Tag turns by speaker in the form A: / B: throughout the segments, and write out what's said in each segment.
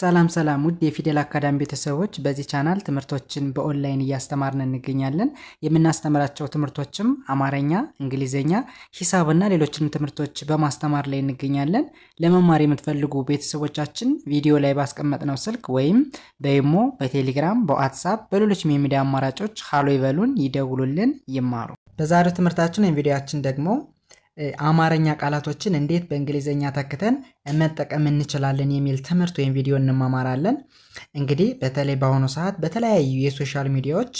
A: ሰላም ሰላም ውድ የፊደል አካዳሚ ቤተሰቦች፣ በዚህ ቻናል ትምህርቶችን በኦንላይን እያስተማርን እንገኛለን። የምናስተምራቸው ትምህርቶችም አማረኛ እንግሊዝኛ፣ ሂሳብና ሌሎችንም ትምህርቶች በማስተማር ላይ እንገኛለን። ለመማር የምትፈልጉ ቤተሰቦቻችን ቪዲዮ ላይ ባስቀመጥነው ስልክ ወይም በይሞ በቴሌግራም በዋትሳፕ በሌሎችም የሚዲያ አማራጮች ሀሎ ይበሉን፣ ይደውሉልን፣ ይማሩ። በዛሬው ትምህርታችን ወይም ቪዲዮችን ደግሞ አማርኛ ቃላቶችን እንዴት በእንግሊዝኛ ተክተን መጠቀም እንችላለን የሚል ትምህርት ወይም ቪዲዮ እንማማራለን። እንግዲህ በተለይ በአሁኑ ሰዓት በተለያዩ የሶሻል ሚዲያዎች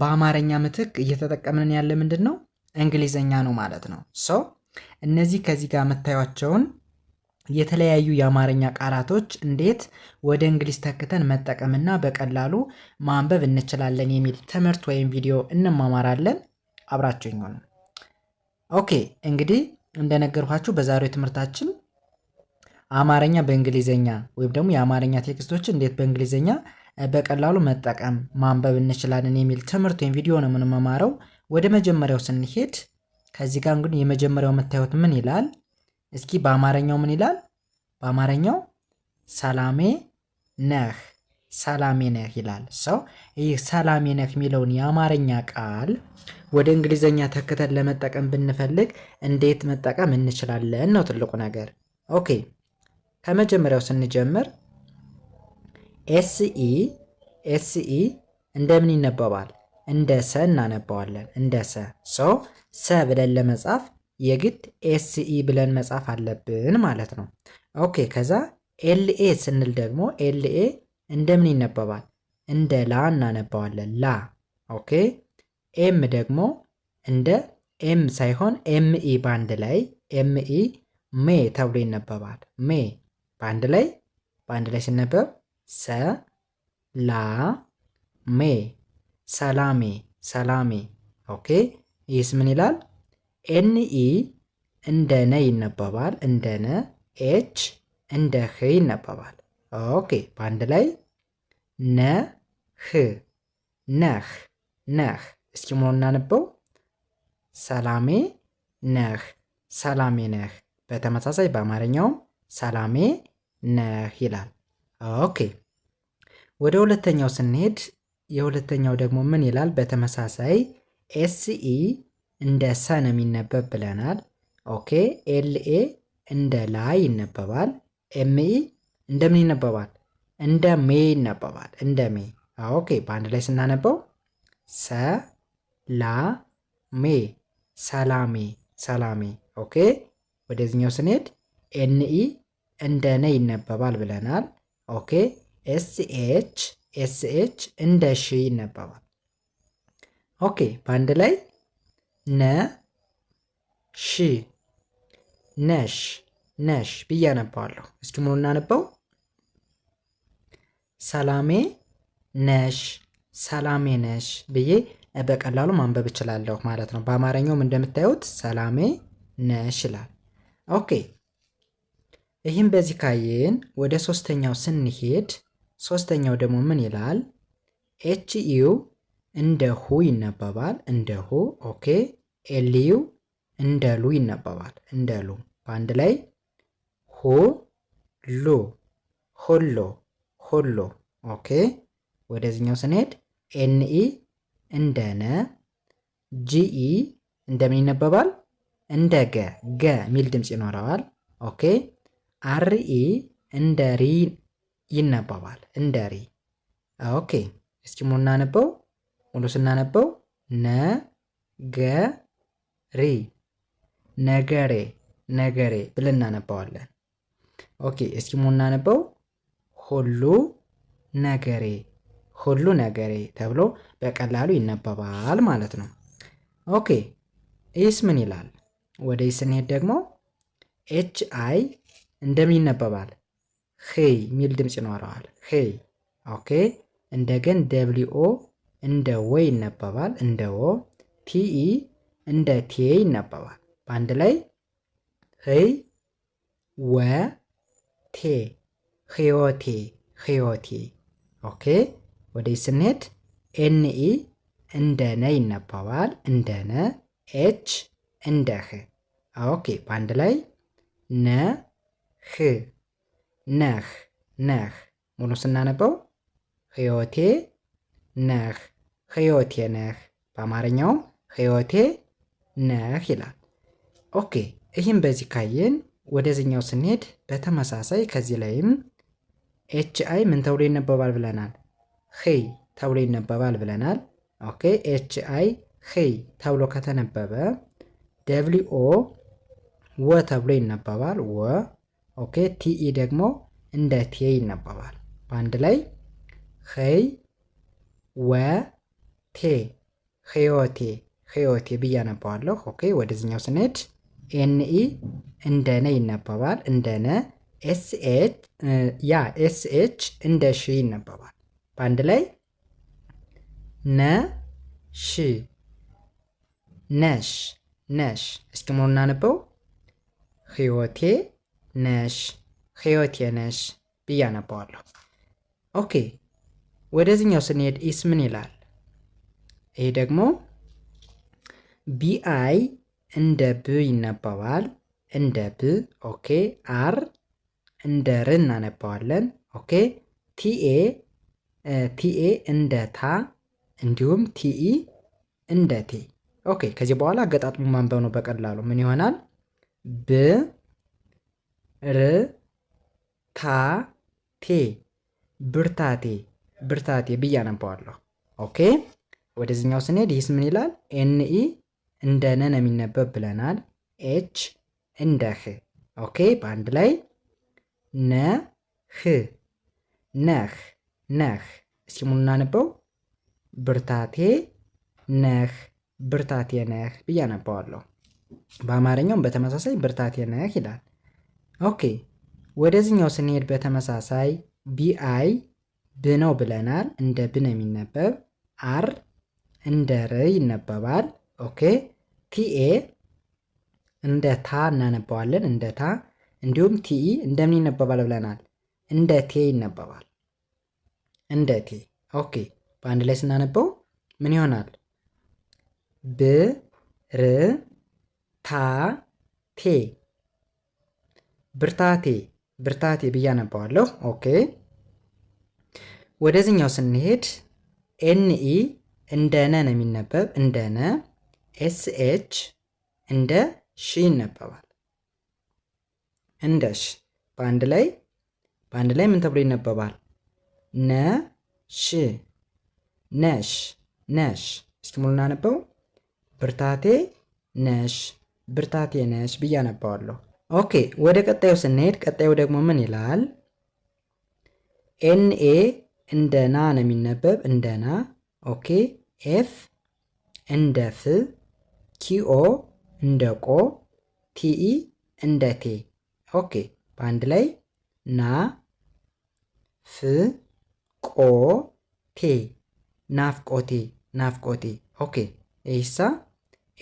A: በአማርኛ ምትክ እየተጠቀምን ያለ ምንድን ነው? እንግሊዝኛ ነው ማለት ነው። ሶ እነዚህ ከዚህ ጋር የምታዩቸውን የተለያዩ የአማርኛ ቃላቶች እንዴት ወደ እንግሊዝ ተክተን መጠቀምና በቀላሉ ማንበብ እንችላለን የሚል ትምህርት ወይም ቪዲዮ እንማማራለን። አብራችሁኝ ሆኑ። ኦኬ እንግዲህ እንደነገርኳችሁ በዛሬው ትምህርታችን አማርኛ በእንግሊዘኛ ወይም ደግሞ የአማርኛ ቴክስቶችን እንዴት በእንግሊዘኛ በቀላሉ መጠቀም ማንበብ እንችላለን የሚል ትምህርት ወይም ቪዲዮ ነው የምንመማረው። ወደ መጀመሪያው ስንሄድ ከዚህ ጋር እንግዲህ የመጀመሪያው የምታዩት ምን ይላል? እስኪ በአማርኛው ምን ይላል? በአማርኛው ሰላሜ ነህ ሰላሜ ነህ ይላል ሰው። ይህ ሰላሜ ነህ የሚለውን የአማርኛ ቃል ወደ እንግሊዘኛ ተክተን ለመጠቀም ብንፈልግ እንዴት መጠቀም እንችላለን ነው ትልቁ ነገር። ኦኬ ከመጀመሪያው ስንጀምር ኤስኢ ኤስኢ እንደምን ይነበባል? እንደ ሰ እናነባዋለን። እንደ ሰ ሶ ሰ ብለን ለመጻፍ የግድ ኤስኢ ብለን መጻፍ አለብን ማለት ነው። ኦኬ ከዛ ኤልኤ ስንል ደግሞ ኤልኤ እንደምን ይነበባል? እንደ ላ እናነባዋለን። ላ ኦኬ። ኤም ደግሞ እንደ ኤም ሳይሆን ኤምኢ ባንድ ላይ ኤምኢ ሜ ተብሎ ይነበባል። ሜ ባንድ ላይ በአንድ ላይ ሲነበብ ሰ ላ ሜ ሰላሜ ሰላሜ። ኦኬ ይህስ ምን ይላል? ኤንኢ እንደ ነ ይነበባል። እንደ ነ ኤች እንደ ህ ይነበባል። ኦኬ በአንድ ላይ ነህ ነህ ነህ። እስኪ ሞ እናነበው። ሰላሜ ነህ ሰላሜ ነህ። በተመሳሳይ በአማርኛውም ሰላሜ ነህ ይላል። ኦኬ ወደ ሁለተኛው ስንሄድ የሁለተኛው ደግሞ ምን ይላል? በተመሳሳይ ኤስኢ እንደ ሰ ነው የሚነበብ ብለናል። ኦኬ ኤልኤ እንደ ላ ይነበባል። ኤምኢ እንደምን ይነበባል? እንደ ሜ ይነበባል። እንደ ሜ። ኦኬ በአንድ ላይ ስናነበው ሰላሜ፣ ሰላሜ፣ ሰላሜ። ኦኬ ወደዚኛው ስንሄድ ኤንኢ እንደ ነ ይነበባል ብለናል። ኦኬ ኤስኤች፣ ኤስኤች እንደ ሺ ይነበባል። ኦኬ በአንድ ላይ ነ ሺ፣ ነሽ፣ ነሽ ብዬ አነባዋለሁ። እስኪ ሙሉ እናነበው ሰላሜ ነሽ ሰላሜ ነሽ ብዬ በቀላሉ ማንበብ እችላለሁ ማለት ነው። በአማርኛውም እንደምታዩት ሰላሜ ነሽ ይላል። ኦኬ ይህም በዚህ ካየን ወደ ሶስተኛው ስንሄድ ሶስተኛው ደግሞ ምን ይላል? ኤች ዩ እንደ ሁ ይነበባል። እንደ ሁ ኦኬ። ኤልዩ እንደ ሉ ይነበባል። እንደ ሉ በአንድ ላይ ሁ ሉ ሁሎ ሆሎ። ኦኬ ወደዚህኛው ስንሄድ ኤንኢ እንደ ነ፣ ጂኢ እንደምን ይነበባል? እንደ ገ ገ የሚል ድምፅ ይኖረዋል። ኦኬ አርኢ እንደ ሪ ይነበባል። እንደ ሪ ኦኬ። እስኪ ሙሉ እናነበው። ሙሉ ስናነበው ነ ገ ሪ ነገሬ ነገሬ ብለን እናነባዋለን። ኦኬ እስኪ ሙሉ እናነበው ሁሉ ነገሬ ሁሉ ነገሬ ተብሎ በቀላሉ ይነበባል ማለት ነው። ኦኬ ኢስ ምን ይላል? ወደ ኢስ ስንሄድ ደግሞ ኤች አይ እንደምን ይነበባል? ሄይ የሚል ድምፅ ይኖረዋል። ሄይ ኦኬ። እንደገን ደብሊኦ እንደ ወ ይነበባል፣ እንደ ወ። ቲኢ እንደ ቴ ይነበባል። በአንድ ላይ ሄይ ወ ቴ ህይወቴ ህይወቴ። ኦኬ ወደ ስንሄድ ኤንኢ እንደ ነ ይነበባል። እንደ ነ ኤች እንደ ህ። ኦኬ በአንድ ላይ ነ ህ ነህ ነህ። ሙሉ ስናነበው ህይወቴ ነህ ህይወቴ ነህ። በአማርኛውም ህይወቴ ነህ ይላል። ኦኬ ይህም በዚህ ካየን ወደዚኛው ስንሄድ በተመሳሳይ ከዚህ ላይም ኤች አይ ምን ተብሎ ይነበባል ብለናል? ሄይ ተብሎ ይነበባል ብለናል። ኦኬ ኤች አይ ሄይ ተብሎ ከተነበበ ደብሊ ኦ ወ ተብሎ ይነበባል። ወ ኦኬ ቲኢ ደግሞ እንደ ቴ ይነበባል። በአንድ ላይ ሄይ ወ ቴ ሄዮቴ ሄዮቴ ብያነባዋለሁ። አነባዋለሁ። ኦኬ ወደዚህኛው ስንሄድ ኤንኢ እንደ ነ ይነበባል። እንደ ነ ኤስኤች ያ ኤስኤች እንደ ሺ ይነበባል። በአንድ ላይ ነ ሺ ነሽ ነሽ። እስኪ ሞር እናነበው። ህይወቴ ነሽ ህይወቴ ነሽ ብዬ አነባዋለሁ። ኦኬ ወደዚህኛው ስንሄድ ኢስ ምን ይላል? ይሄ ደግሞ ቢአይ እንደ ብ ይነበባል። እንደ ብ ኦኬ። አር እንደ ር እናነባዋለን። ኦኬ ቲኤ ቲኤ እንደ ታ እንዲሁም ቲኢ እንደ ቴ። ኦኬ ከዚህ በኋላ አገጣጥሙ ማንበብ ነው በቀላሉ ምን ይሆናል? ብ ር ታ ቴ ብርታቴ ብርታቴ ብዬ አነባዋለሁ። ኦኬ ወደዚህኛው ስንሄድ ይህስ ምን ይላል? ኤንኢ እንደ ነው የሚነበብ ብለናል። ኤች እንደ ህ ኦኬ በአንድ ላይ ነህ ነህ ነህ። እስኪ ሙሉ እናነበው። ብርታቴ ነህ ብርታቴ ነህ ብዬ አነባዋለሁ። በአማርኛውም በተመሳሳይ ብርታቴ ነህ ይላል። ኦኬ ወደዚህኛው ስንሄድ በተመሳሳይ ቢአይ ብነው ብለናል። እንደ ብነ የሚነበብ አር እንደ ር ይነበባል። ኦኬ ቲኤ እንደ ታ እናነባዋለን። እንደ ታ እንዲሁም ቲኢ እንደምን ይነበባል ብለናል? እንደ ቴ ይነበባል። እንደ ቴ። ኦኬ በአንድ ላይ ስናነበው ምን ይሆናል? ብርታቴ ብርታቴ ብርታቴ ብዬ አነባዋለሁ። ኦኬ ወደዚህኛው ስንሄድ ኤንኢ እንደ ነ ነው የሚነበብ እንደ ነ። ኤስኤች እንደ ሺ ይነበባል። እንደሽ በአንድ ላይ በአንድ ላይ ምን ተብሎ ይነበባል? ነ ሽ ነሽ ነሽ። እስኪ ሙሉ እናነበው። ብርታቴ ነሽ ብርታቴ ነሽ ብዬ አነባዋለሁ። ኦኬ ወደ ቀጣዩ ስንሄድ ቀጣዩ ደግሞ ምን ይላል? ኤንኤ እንደ ና ነው የሚነበብ እንደ ና። ኦኬ ኤፍ እንደ ፍ ኪኦ እንደ ቆ ቲኢ እንደ ቴ ኦኬ በአንድ ላይ ና ፍ ቆ ቴ ናፍቆቴ ናፍቆቴ። ኦኬ ይሳ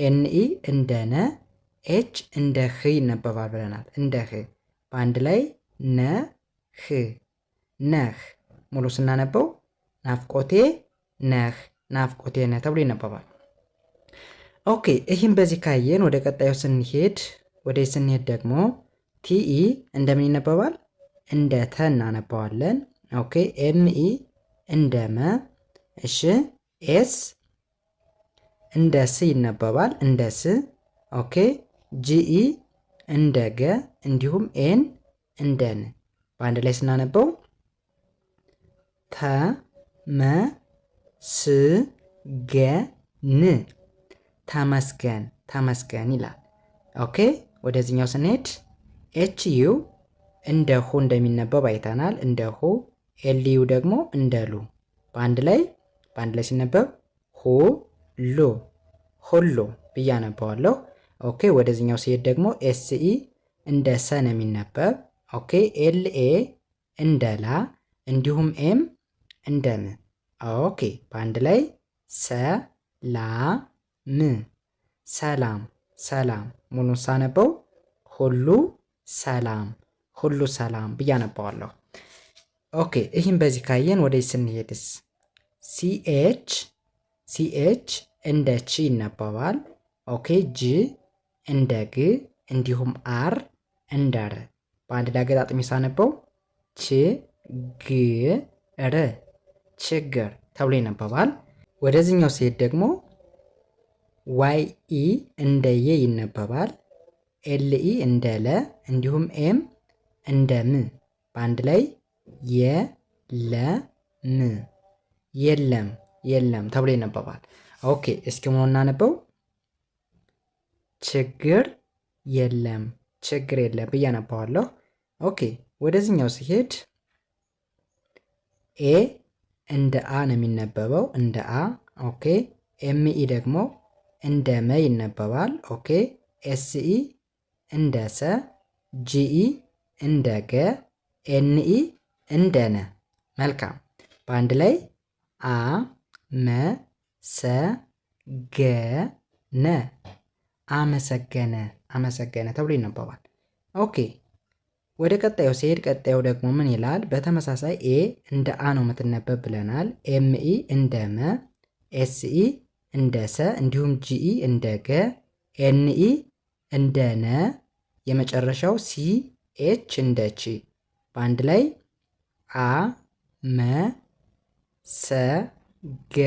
A: ኤንኢ እንደ ነ ኤች እንደ ህ ይነበባል ብለናል። እንደ ህ በአንድ ላይ ነ ህ ነህ። ሙሉ ስናነበው ናፍቆቴ ነህ ናፍቆቴ ነህ ተብሎ ይነበባል። ኦኬ ይህም በዚህ ካየን ወደ ቀጣዩ ስንሄድ ወደ ስንሄድ ደግሞ ቲኢ እንደምን ይነበባል? እንደ ተ እናነባዋለን። ኦኬ ኤምኢ እንደ መ እሺ። ኤስ እንደ ስ ይነበባል፣ እንደ ስ። ኦኬ ጂኢ እንደ ገ እንዲሁም ኤን እንደ ን በአንድ ላይ ስናነበው ተ መ ስ ገ ን ተመስገን ተመስገን ይላል። ኦኬ ወደዚህኛው ስንሄድ ኤች ዩ እንደ ሁ እንደሚነበብ አይተናል። እንደ ሁ ኤል ዩ ደግሞ እንደ ሉ በአንድ ላይ በአንድ ላይ ሲነበብ ሁ ሉ ሁሉ ብዬ ኦኬ ወደዚህኛው ሲሄድ ደግሞ ኤስ ኢ እንደ ሰ ነው የሚነበብ። ኦኬ ኤል ኤ እንደ ላ እንዲሁም ኤም እንደ ም። ኦኬ በአንድ ላይ ሰ ላ ም ሰላም ሰላም ሙሉ ሳነበው ሁሉ ሰላም ሁሉ ሰላም ብዬ አነባዋለሁ። ኦኬ ይህም በዚህ ካየን ወደ ስንሄድስ ሲኤች ሲኤች እንደ ቺ ይነበባል። ኦኬ ጂ እንደ ግ እንዲሁም አር እንደ ር በአንድ ላይ አገጣጥሚ ሳነበው ች ግ ር ችግር ተብሎ ይነበባል። ወደዚህኛው ሲሄድ ደግሞ ዋይ ኢ እንደ የ ይነበባል። ኤልኢ እንደ ለ እንዲሁም ኤም እንደ ም በአንድ ላይ ም የለም የለም ተብሎ ይነበባል። ኦኬ እስኪ ምን እናነበው። ችግር የለም ችግር የለም ብዬ አነባዋለሁ። ኦኬ ወደዚህኛው ሲሄድ ኤ እንደ አ ነው የሚነበበው እንደ አ። ኦኬ ኤምኢ ደግሞ እንደ መ ይነበባል። ኦኬ ኤስኢ እንደ ሰ፣ ጂኢ እንደ ገ፣ ኤንኢ እንደ ነ። መልካም። በአንድ ላይ አ መ ሰ ገ ነ አመሰገነ፣ አመሰገነ ተብሎ ይነበባል። ኦኬ ወደ ቀጣዩ ሲሄድ ቀጣዩ ደግሞ ምን ይላል? በተመሳሳይ ኤ እንደ አ ነው የምትነበብ ብለናል። ኤምኢ እንደ መ፣ ኤስኢ እንደ ሰ፣ እንዲሁም ጂኢ እንደ ገ፣ ኤንኢ እንደ ነ የመጨረሻው ሲ ኤች እንደ ቺ በአንድ ላይ አ መ ሰ ገ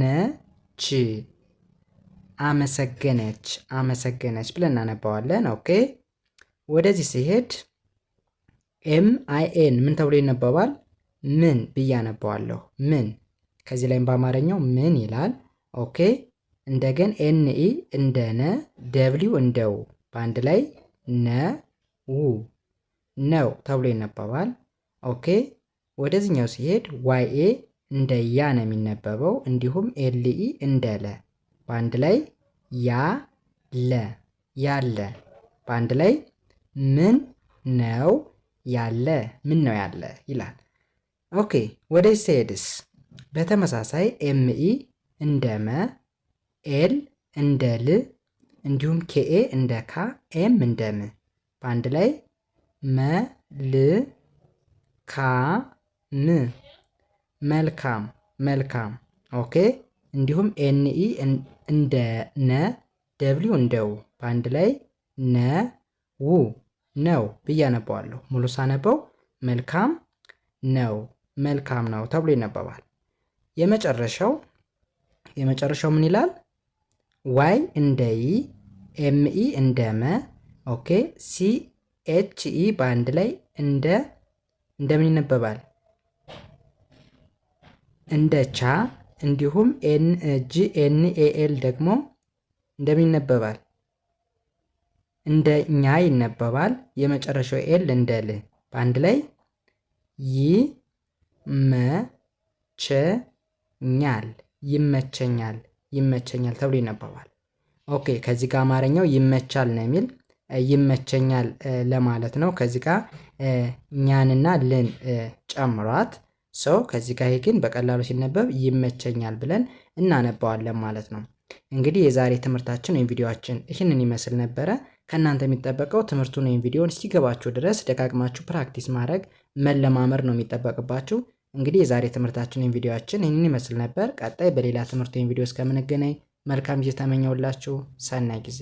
A: ነ ች አመሰገነች አመሰገነች ብለን እናነባዋለን። ኦኬ ወደዚህ ሲሄድ ኤም አይ ኤን ምን ተብሎ ይነበባል? ምን ብዬ አነባዋለሁ። ምን ከዚህ ላይም በአማርኛው ምን ይላል። ኦኬ እንደገን ኤን ኢ እንደ ነ ደብሊው እንደ ው በአንድ ላይ ነ ው ነው ተብሎ ይነበባል። ኦኬ ወደዚህኛው ሲሄድ ዋይ ኤ እንደ ያ ነው የሚነበበው። እንዲሁም ኤል ኢ እንደ ለ በአንድ ላይ ያ ለ ያለ በአንድ ላይ ምን ነው ያለ ምን ነው ያለ ይላል። ኦኬ ወደዚህ ሲሄድስ በተመሳሳይ ኤም ኢ እንደ መ ኤል እንደ ል እንዲሁም ኬኤ እንደ ካ ኤም እንደ ም በአንድ ላይ መል ካ ም መልካም መልካም። ኦኬ እንዲሁም ኤንኢ እንደ ነ ደብሊው እንደ ው በአንድ ላይ ነ ው ነው ብዬ አነባዋለሁ። ሙሉ ሳነበው መልካም ነው መልካም ነው ተብሎ ይነበባል። የመጨረሻው የመጨረሻው ምን ይላል? ዋይ እንደ ይ ኤምኢ እንደ መ ኦኬ ሲ ኤች ኢ በአንድ ላይ እንደ እንደምን ይነበባል? እንደ ቻ እንዲሁም ኤን ጂ ኤን ኤ ኤል ደግሞ እንደምን ይነበባል? እንደ ኛ ይነበባል። የመጨረሻው ኤል እንደ ል በአንድ ላይ ይ መ ቸ ኛል ይመቸኛል። ይመቸኛል ተብሎ ይነበባል። ኦኬ ከዚህ ጋር አማርኛው ይመቻል ነው የሚል ይመቸኛል ለማለት ነው። ከዚህ ጋር እኛንና ልን ጨምሯት ሰው ከዚህ ጋር ይሄ ግን በቀላሉ ሲነበብ ይመቸኛል ብለን እናነባዋለን ማለት ነው። እንግዲህ የዛሬ ትምህርታችን ወይም ቪዲዮችን ይህንን ይመስል ነበረ። ከእናንተ የሚጠበቀው ትምህርቱን ወይም ቪዲዮን እስኪገባችሁ ድረስ ደጋግማችሁ ፕራክቲስ ማድረግ መለማመር ነው የሚጠበቅባችሁ። እንግዲህ የዛሬ ትምህርታችን ወይም ቪዲዮችን ይህንን ይመስል ነበር። ቀጣይ በሌላ ትምህርት ወይም ቪዲዮ እስከምንገናኝ መልካም ጊዜ ተመኘውላችሁ። ሰናይ ጊዜ